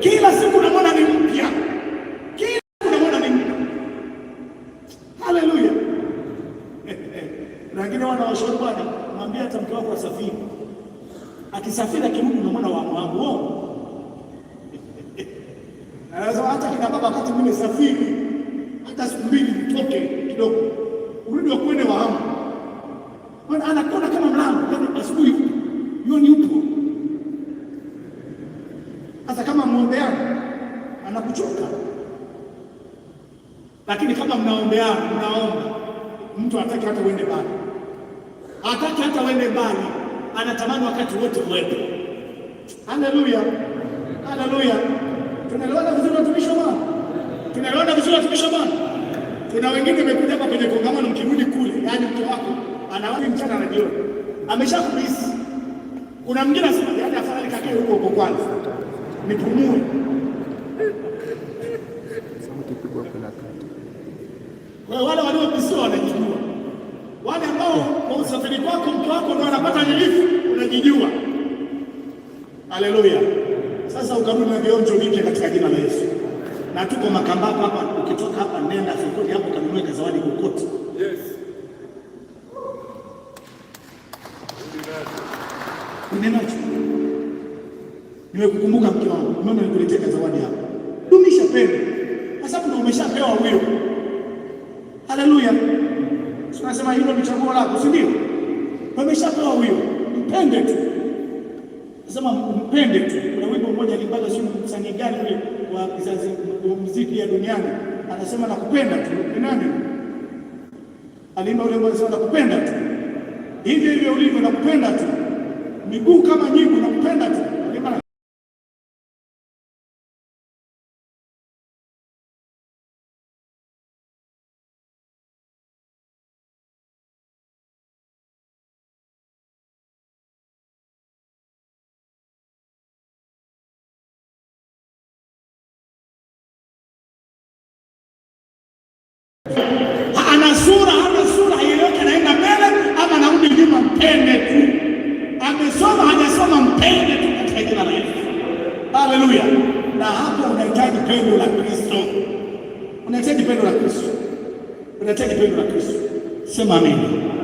Kila siku namwona ni mpya, kila siku namwona ni mpya. Haleluya! Wengine wanawashauri bwana, mwambie hata mke wako asafiri, akisafiri akirudi namwona wamwangu anaweza hata kina baba, wakati mimi safiri hata siku mbili nitoke kidogo, urudi wa kwene wahamu, anakuona kama mlango na kuchoka. Lakini kama mnaombea, mnaomba mtu hataki hata uende mbali, hataki hata uende mbali, anatamani wakati wote uwepo. Haleluya, haleluya! Tunaelewana vizuri watumishi wa Bwana? Tunaelewana vizuri watumishi wa Bwana? Kuna wengine wamekuja hapa kwenye kongamano, mkirudi kule, yaani mke wako anawahi mchana na jioni, ameshakulisi. Kuna mwingine anasema yaani afadhali kakae huko huko kwanza nipumue kipigwa kuna kati. Kwa wale waliopisiwa wanajijua, wale ambao kwa usafiri kwako mtu wako ndio anapata nyilifu, unajijua. Haleluya! Sasa ukarudi na vionjo vingi katika jina la Yesu na tuko Makambako hapa, ukitoka hapa nenda sokoni hapo kanunue kazawadi kokoti. Yes. Unenacho? mke wangu. Mbona nikuletea kazawadi hapa? dumisha pendo, kwa sababu ndio umeshapewa wewe. Haleluya! Tunasema hilo ni chaguo lako, si ndio? Umeshapewa wewe, mpende tu, nasema mpende tu. Kuna wimbo mmoja alimbada, sio msanii gani ule wa kizazi wa muziki ya duniani, anasema nakupenda tu. Ni nani alimba ule mmoja, anasema nakupenda tu, hivyo hivyo ulivyo, nakupenda tu, miguu kama nyingi, nakupenda tu ana sura hana sura, haieleweki, anaenda mbele ama anarudi nyuma, mpende tu. Amesoma hajasoma, mpende tu katika jina la Yesu. Haleluya! Na hapo unahitaji pendo la Kristo, unahitaji pendo la Kristo, unahitaji pendo la Kristo. Sema amini.